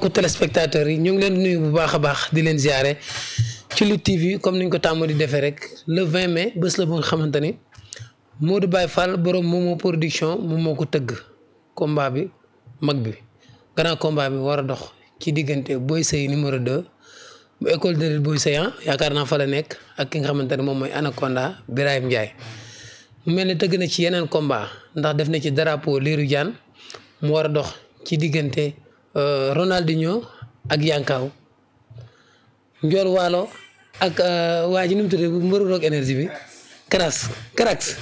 ko téléspectateurs yi ñu ngi leen nuyu bu baax a baax di leen ziare ci Lutte TV comme niñ ko tàmmoo di defee rek le 20 mai bés la nga xamante ni Modou Baye Fall borom Momo production moom moo ko tëgg combat bi mag bi grand combat bi war a dox ci diggante Boy Seye numéro 2 école de lutte ah, yaakaar naa fa la nekk ak ki nga xamante ne moom mooy Anaconda Birahim Ndiaye mu mel ne tëgg na ci yeneen combat ndax def na ci drapeau Lirou Diane mu war a dox ci diggante. Euh, Ronaldinho ak yankaw Njool Waalo ak euh, waa ji nu mu tuddee mbëru rock énergie bi Karax Karax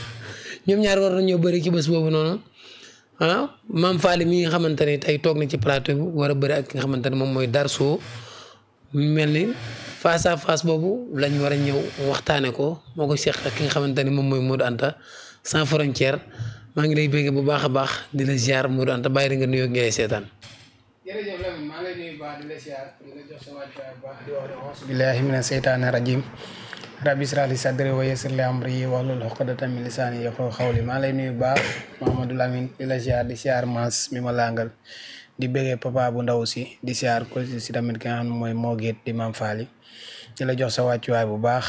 ñoom ñaar war nañoo bari ci bés boobu noonu ah maam Faly mi nga xamante ne ay toog na ci plateau bi war a bëri ak ki nga xamante ne moom mooy Darso mel ni face à face boobu war a ñëw waxtaanee ko moo ko seq ak ki nga xamante ne moom mooy Modou Anta sans frontière maa ngi lay bégg bu baax a baax di la ziar Modou Anta bàyyi la nga nuyoo ak ngay seetaan. jërëjëf Lamine maa ngi lay jox sa wàccuwaay baax wax lay nuyu baax Mamadou Lamine di la siyaar di siyaar Mass bu ndaw si di siyaar ko si tamit ki moo géet di maam Faali di la jox sa wàccuwaay bu baax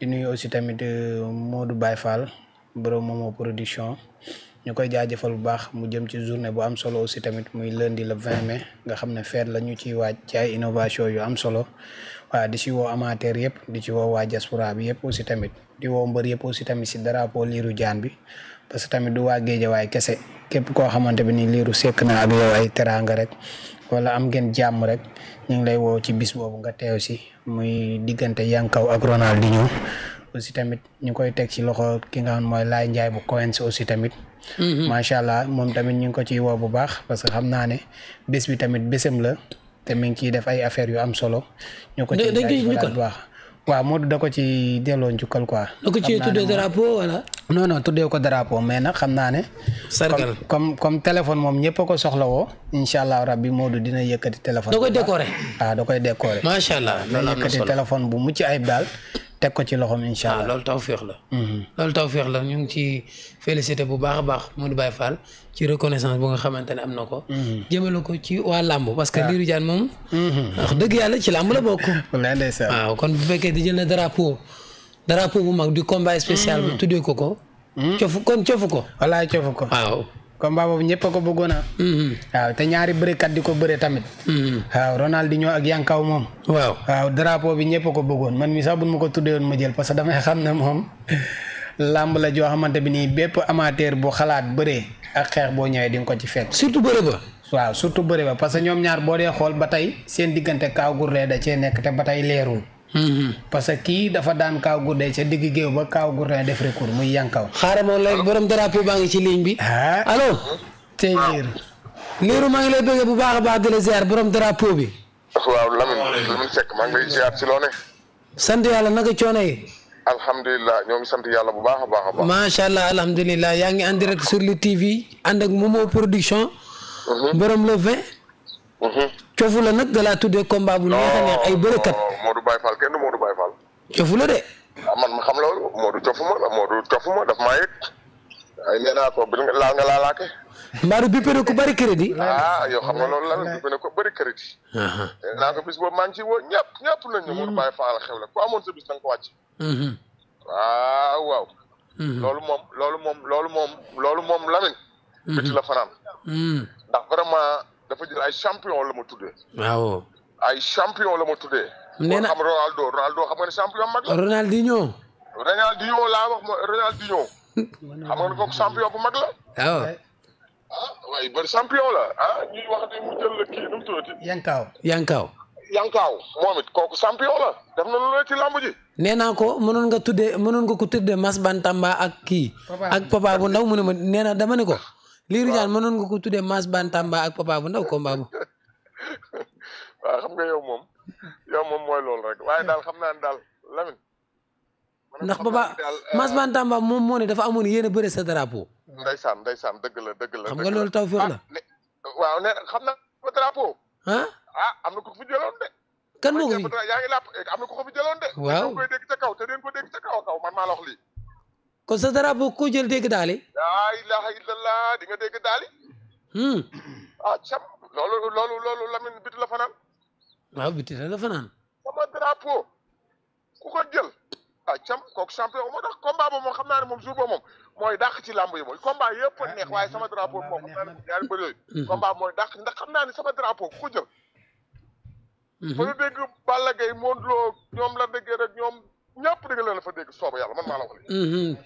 di nuyu aussi tamit euh, Modou production. ñu koy jaajëfal bu baax mu jëm ci journée bu am solo aussi tamit muy lundi le 20 mai nga xam ne feet la ñu ciy waaj ci ay innovation yu am solo waa di si woo amateur yëpp di ci woo waaj diaspora bi yëpp aussi tamit di woo mbër yëpp aussi tamit si drapeau liiru jaan bi parce que tamit du waa waaye kese képp koo xamante bi ni liiru sekk naa ak yow ay teraanga rek wala am ngeen jàmm rek ñu ngi lay woo ci bis boobu nga teew si muy diggante Yankaw ak Ronaldinho aussi tamit ñu koy teg ci loxo ki nga xam mooy Laye Ndiaye bu Coens aussi tamit. Mm-hmm. macha moom tamit ñu ngi ko ciy woo bu baax parce que xam naa ne bés bi tamit bésam la te mi ngi ciy def ay affaires yu am solo. ñu ko ciy jaajëfal bu waaw Modou da ko ci delloo njukkal quoi. da ko ci tuddee drapeau wala. non tuddee ko drapeau mais nag xam naa ne. sargal comme comme téléphone moom ñëpp a ko soxlawoo. incha allah rabbi Modou dina yëkkati téléphone. da koy décorer. waaw ah, da koy décorer. macha allah dina yëkkati téléphone bu mucc ayib daal. teg ko ci loxoom incha ah, allah loolu tawféex la. Mm-hmm. loolu tawféex la ñu ngi ci félicité bu baax a baax Modou Baye Fall ci reconnaissance bu nga xamante ne am na ko. Mm-hmm. jëmale ko ci waa làmb parce que ah. Lirou Diane moom. Mm-hmm. wax dëgg yàlla ci làmb la bokk. waaw kon bu fekkee di jël na drapeau drapeau bu mag du combat spécial. bu tuddee ko ko. cofu ko. walaay cofu ko combat boobu ñëpp a ko bëggoon a. Mm-hmm. waaw te ñaari bërekat di ko bëre tamit. Mm-hmm. waaw Ronaldinho ak Yankaw moom. waaw waaw drapeau bi ñëpp a ko bëggoon man mi sax bu ma ko tuddee woon ma jël parce que damay xam ne moom làmb la joo xamante bi nii bépp amateur bu xalaat bëree ak xeex boo ñëwee di nga ko ci fekk. surtout bëre ba. waaw surtout bëre ba parce que ñoom ñaar boo dee xool ba tey seen diggante Kaw Gourdin da cee nekk te ba tey leerul. parce que kii dafa daan kaaw guddee ca digg géew ba kaaw guddee def recours muy yankaw. xaaral ma léegi borom drapeau baa ngi ci ligne bi. Ah. allo. tey liiru. liiru maa ngi lay bëggee bu baax a baax di la ziar borom drapeau bi. waaw Lamine Lamine Seck maa ngi lay yi. alhamdulilah ñoo sant yàlla bu baax a baax macha allah alhamdulilah yaa ngi en direct sur le TV ànd ak Momo production. Mhm. borom le vin. Mhm. coofu la nag da laa tuddee combat bu neex a neex ay Modou Baye Fall kenn du Modou Baye Fall. cofu la de. ah man xam loolu Modou cofu ma la Modou cofu ma daf maa yëg ay nee naa ko bil nga laal nga na ah, loolu lan la bippé na ku uh-huh. bis boobu maa ngi ciy woo ñëpp ñëpp nañ ñu Modou a Fall xew la ku amoon sa bis da nga ko wàcc. Uh-huh. waaw uh-huh. loolu moom loolu moom loolu moom loolu biti la fanaan. ndax vraiment dafa jël ay champion la ma tuddee. waaw ay champion la ma tudde na xam Ronaldo Ronaldo xam nga ne champion mag la. Ronaldinho. Ronaldinho laa wax mooy Ronaldinho. xam nga ne kooku champion bu mag la. waaw. ah waaye bari champion la ah ñuy wax mu jël la kii nu mu tuddati. Yankaaw Yankaaw. Yankaaw moom it kooku champion la def na lu ci lamb naa ko mënoon nga tuddee mënoon nga ko tuddee Mas Bantamba ak kii. ak papa bu ndaw mu ne ma nee na ne ko. Lirou Diane mënoon nga ko tuddee Mas Bantamba ak papa ndaw combat bu. waaw xam nga yow moom yow mooy loolu rek waaye daal xam naa ne daal Lamine. ndax baba euh, Mass Bantamba moom moo ne dafa amoon yéen a bëre sa drapeau. ndeysaan ndeysaan dëgg la dëgg la. xam nga loolu taw féex ah, waaw ne xam na ba ah am na ko fi jëloon de. kan moo ko yaa ngi eh, am na ko ko fi jëloon de. waaw te deen ko dégg ca kaw kaw man maa la wax lii. kon sa drapeau ko jël dégg daali. laa ilaha illallah di nga daali. Hmm. ah cam loolu loolu loolu fanaan. waaw biti la fanaan. sama drapeau ku ko jël ah cam kooku champion moo tax combat ba moom xam naa ne moom jour ba moom mooy dàq ci làmb yi mooy combat yëpp neex waaye sama drapeau moom xam naa ne ñaari bëri yooyu. combat xam naa ne sama drapeau ku ko jël. Mhm. ba nga dégg Balla Gaye Modou ñoom la déggee rek ñoom ñëpp da nga leen fa dégg soobu yàlla man maa la wax. Mhm.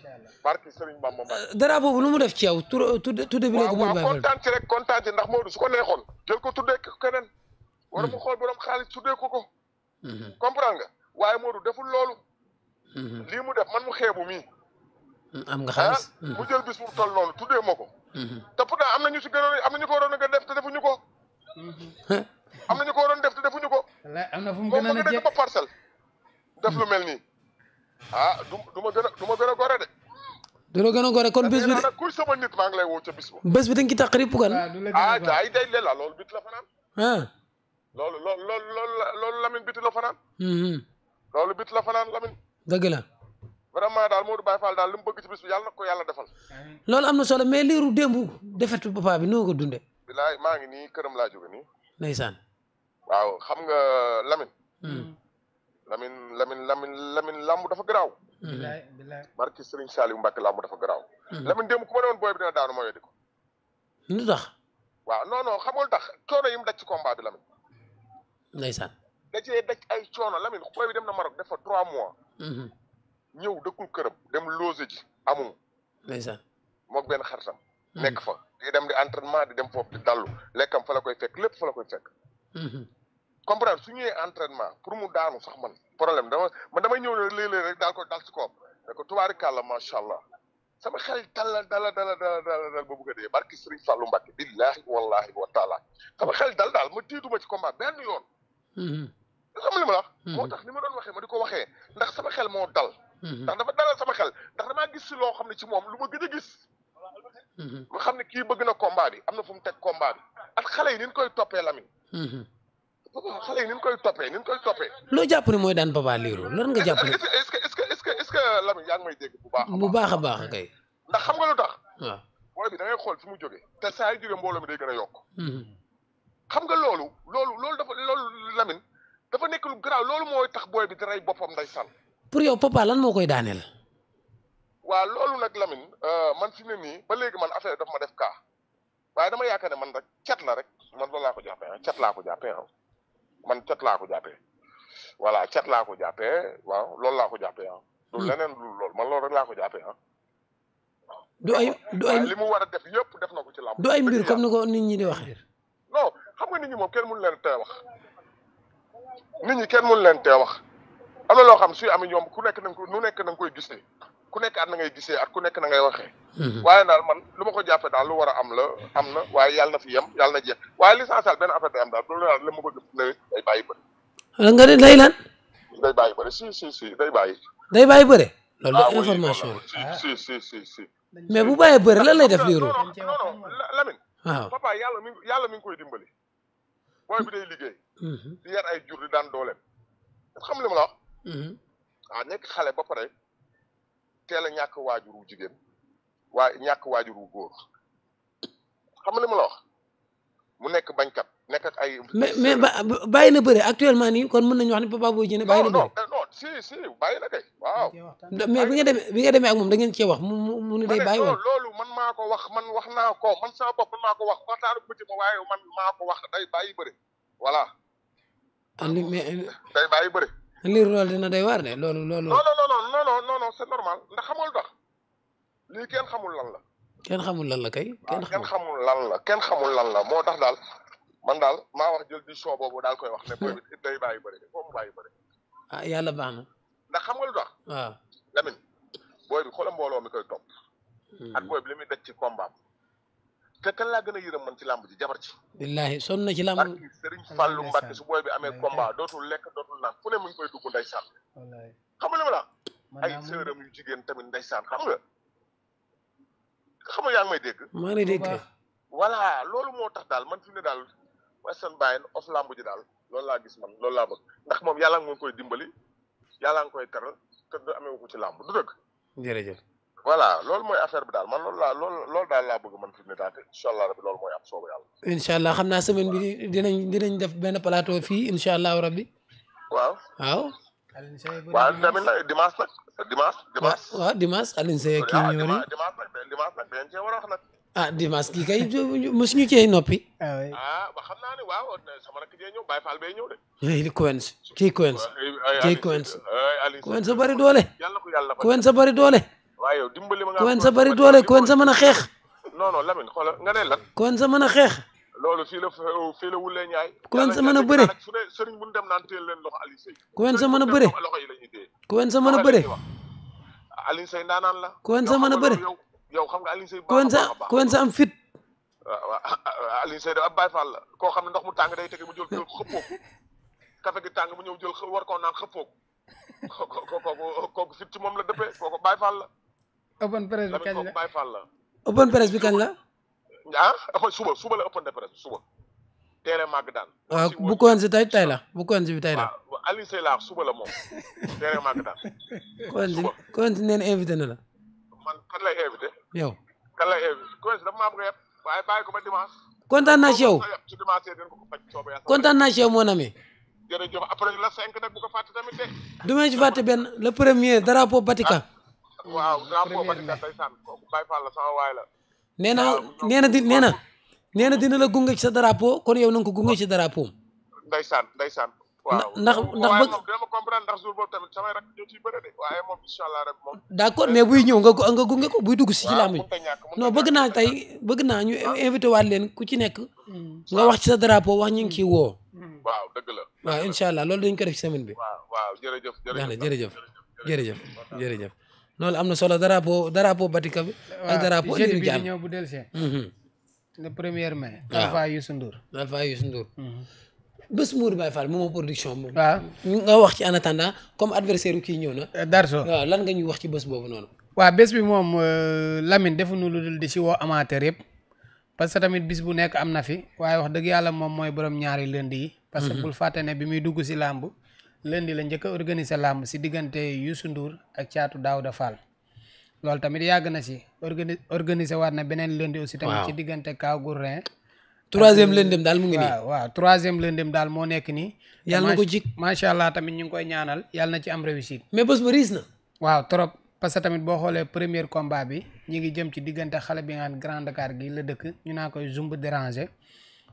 barke Serigne Bamba Mbaye. Euh, drapeau bu lu mu def ci yow tur tuddee bi léegi. waaw waaw kontaan ci rek kontaan ndax Modou ko neexoon jël ko keneen. wala mu hmm. xool borom xaalis tuddee ko ko. Hmm. comprendre nga waaye moo Modou deful loolu. Hmm. lii mu def man mu xeebu mi am nga xaalis ah, mu jël bis mu toll noonu tuddee ma ko. te pourtant am na ñu si gënoon am na ñu ko waroon a def te defuñu ko. am na ñu ko waroon def te ñu ko. wallaahi am na fu mu gën a na jekk ba parcelle. def lu mel nii ah du ma gën a ma gën a gore de. du la a gore kon bés bi de kuy sama nit maa ngi lay woo ca bis ba. bés bi dañ ci tàqari pugan. Ah, la loolu bit loolu loolu loolu loolu la loolu Lamine biti la fanaan. Hmm, hmm. loolu biti la fanaan Lamine. dëgg vraiment daal Modou Baye Fall daal li mu bëgg ci bis yàlla ko yàlla defal. loolu am na solo mais liiru démb defetu papa bi noo ko dundee. bilaay maa ngi nii këram laa jóge nii. ndeysaan. waaw xam nga Lamine. Hmm. Lamine Lamine lamin Lamine làmb dafa garaaw. bilaay bilaay. barki Serigne Saliou Mbacke làmb dafa garaaw. Lamine démb ku ma ne woon booy bi dina daanu ma weddi ko. lu tax. waaw non non xamul tax coono yi mu daj ci combat bi ndeysaan da cee daj ay coono Lamine xooy bi dem na Maroc dafa trois mois mhm. ñëw dëkkul këram dem loose ji amul ndeysaan mook benn mhm. nekk fa di dem di entraînement di dem foofu di dallu lekkam fa la koy fekk lépp fa la koy fekk mhm. comprendre su ñëwee entraînement pour mu daanu sax man problème dama man damay ñëw ne rek daal ko dal si koom da ko tubaarikàlla macha allah sama xel dala dala dala dala dala dal ba bëgg a dee barki Serigne Fallou Mbacké billaahi wallaahi wa taala sama xel dal daal ma ma ci combat benn yoon xam mm-hmm. li ma la wax mm-hmm. moo tax ni ma doon waxee ma di ko waxee ndax xel moo dal mm-hmm. ndax dafa dalal sama xel ndax damaa gis si loo xam ne ci moom lu ma gëj a gis ma xam ne kii bëgg na combat bi am na fu mu teg combat ak xale yi ni ñu koy toppee Lamine papa xale yi koy toppee ni ñu koy toppee loo jàpp ne mooy daan Papa Lirou lan nga jàpp ne est-ce que yaa ngi may dégg bu baax bu baax a kay ndax xam nga lu tax waaw booy bi da xool fi mu jógee te saa yu jógee mbooloo mi day gën a yokk xam nga loolu loolu loolu dafa loolu Lamine dafa nekk lu garaaw loolu mooy tax booy bi di rey boppam ndeysaan. pour yow papa lan moo koy daaneel. waaw loolu nag Lamine euh, man fi mu ne nii ba léegi man affaire daf ma def kaa waaye dama yaakaar ne man rek cat la rek man loolu laa ko jàppee ah cat laa ko jàppee ah man cat laa ko jàppee voilà cat laa ko jàppee waaw loolu laa ko jàppee ah. du hmm. leneen loolu man loolu rek ko jàppee ah. du ay du ay li mu war a def yëpp def na ko ci làmb. du ay mbir comme ni ko nit ñi di waxee. non xam nga nit ñi moom kenn mënu leen tee wax nit ñi kenn mënu leen tee wax am na loo xam suy amee ñoom ku nekk na nu nekk na koy gisee ku nekk at na ngay gisee ak ku nekk na ngay waxee. Mhm. waaye daal man lu ma ko jàppee daal lu war a am la am na waaye yàlla na fi yem yàlla na jeex waaye l'essentiel benn affaire day am daal loolu daal la ma bëgg ne day bàyyi bëri. nga ne day lan. day si si si day bàyyi. day bàyyi bëri. loolu de ah information la si si si si si. mais bu bàyyee bëri lan lay def liiru. non waaw papa yàlla mi yàlla mi ngi koy dimbali. booy bi day liggéey. Mm-hmm. di yar ay jur di daan dooleem. xam li ma la mm-hmm. ah, nekk xale ba pare teel a ñàkk waajur wu jigéen waa ñàkk waajur wu góor xam li ma la mu nekk bañkat nekk ak ay. mais mais bàyyi na bëre actuellement nii kon mën nañu wax ni papa booy jëne bàyyi na bëre. si si bàyyi la kay waaw. mais bi nga demee bi nga demee moom da ngeen cee wax mu mu ni day bàyyi woon loolu man maa ko wax man wax naa ko man sama bopp ko wax ko ci ma waaye man maa ko wax day bàyyi bëri voilà. ah li mais. day bàyyi bëri. liir loolu dina day waar de loolu loolu. non non c'est normal ndax xamul tax lii ken xamul lan la. kenn xamul lan la kay. kenn xamul la kenn xamul lan la moo tax daal man daal maa wax jël di show boobu daal koy wax ne booy it day bàyyi bëri de foofu bàyyi ah yàlla baax na. ndax xam nga lu tax. waaw booy bi xoolal mbooloo mi koy topp. Hmm. ak booy bi li muy daj ci kombaam. te kan laa gën a yërëm man ci làmb ji jabar ci. billaahi sonn na ci làmb. parce que Serigne su booy bi amee komba dootul lekk dootul naan fu ne mu ngi koy dugg ndeysaan. wallaay xam nga li ma la ay jigéen tamit ndeysaan xam nga. xam yaa ngi may dégg. maa ngi lay dégg. voilà loolu moo tax daal man fi daal Assane Baye os làmb ji daal. loolu laa gis man loolu laa bëgg ndax moom yàlla nga koy dimbali yàlla nga koy teral te amee ko ci làmb du dëgg. jërëjëf. voilà loolu mooy affaire bi daal man loolu laa lool daal laa bëgg man fi mu ne taate incha allah rabbi loolu mooy am soobu yàlla. incha allah xam naa semaine bi dinañ dinañ def benn plateau fii incha allahu rabbi. waaw waaw. Alioune Seye bëri waaw tamit nag dimanche nag dimanche. dimanche waaw dimanche kii ah, ñëw dimanche nag dimanche nag dañ cee war a wax nag. ah dimanche kii kay mosuñu cee noppi. Ah, ah ba xam naa ne waaw sama rakk jee ñëw Baye Fall bay ñëw de. Eh, li Coens kii Coens. kii Coens. Coens sa bari doole. Coens sa bari doole. waaw yow dimbali ma nga. Coens sa bari doole Coens sa mën a xeex. non non Lamine xoolal nga ne lan. Coens sa mën a xeex. loolu fii la fii la wulee ñaay. Coens sa mën a bëre. sëriñ bu ñu dem naan teel leen loxo Aliou Seye. Coens sa mën a bëre. Coens sa mën a bëre. Aliou Seye ndaanaan la. Coens sa mën a bëre. yow xam nga Alioune Seye. baax a baax fit. waaw ah, ab Baye la koo xam ne ndox mu tàng day tege mu jël gi tàng mu ñëw jël war koo naan xëppoo moom la dëppee kooku Baye Fall la. open presse bi kañ la Baye Fall la. open presse ah, oh, suba suba la de suba. teere màgg daan. waaw ah, bu ko woon si tey bu ko woon si bi tey la. waaw suba la moom teere màgg daan. suba ko invité na la. man kan lay invité. yow kan lay a ko ba kontaan naa si yow su dimanche dañ kontaan naa si yow mon ami. jërëjëf après la cinq ko fàtte tamit de. du ma ci fàtte benn le premier drapeau Vatican. Ah, waaw drapeau Vatican day sànn kooku Baye Fall la sama waay la. nee naa nee na di nee na nee na dina la gunge ci sa drapeau kon yow na nga ko gunge ci sa drapeau. ndeysaan ndeysaan. waaw ndax ndax bëgg dama comprendre ndax jour boobu buy ñëw nga nga gunge ko buy dugg si ci làmb ji bëgg naa tey bëgg naa ñu invité waat leen ku ci nekk mm. nga wax ci sa drapeau wax ñu ngi mm. ciy woo mm. waaw dëgg incha allah loolu dañ ko def ci semaine bi waaw waaw jërëjëf jërëjëf jërëjëf loolu am na solo drapeau drapeau Batika bi ak drapeau Lirou Diane ñëw bu delsee mm-hmm. le premier mai Alpha Youssou Ndour Alpha mm-hmm. bés Mourou Baye Fall moom production moom. waaw ah. nga wax ci en attendant comme adversaire kii ñëw na. Darso lan nga ñuy wax ci bés boobu noonu. waa bés bi moom euh, Lamine defuñu lu dul di si woo amateur yëpp parce que tamit bis bu nekk am na fi waaye wax dëgg yàlla moom mooy boroom ñaari lundi yi. parce que mhm. bul fàtte ne bi muy dugg si làmb lundi la njëkk a làmb si diggante Youssou Ndour ak caatu Daouda Fall. loolu tamit yàgg na si organiser waat na beneen lundi aussi. tamit ci diggante Kaw Gourdin troisième lëndëm daal mu ngi nii waaw daal moo nekk nii. yàlla na ko jik macha allah tamit ñu ngi koy ñaanal yàlla na ci am réussite. mais bés ba riis na. waaw trop parce que tamit boo xoolee premier combat bi ñu ngi jëm ci diggante xale bi nga grande Grand Dakar gi la dëkk ñu naa koy Zumb déranger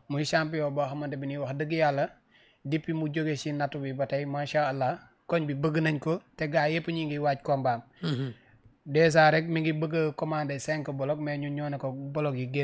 muy champion boo xamante bi nii wax dëgg yàlla depuis mu jógee si nattu bi ba tey macha allah koñ bi bëgg nañ ko te gaa yëpp ñu ngi waaj combat am. Mhm. rek mi ngi bëgg a commandé cinq bloc mais ñoo ne ko bloc yi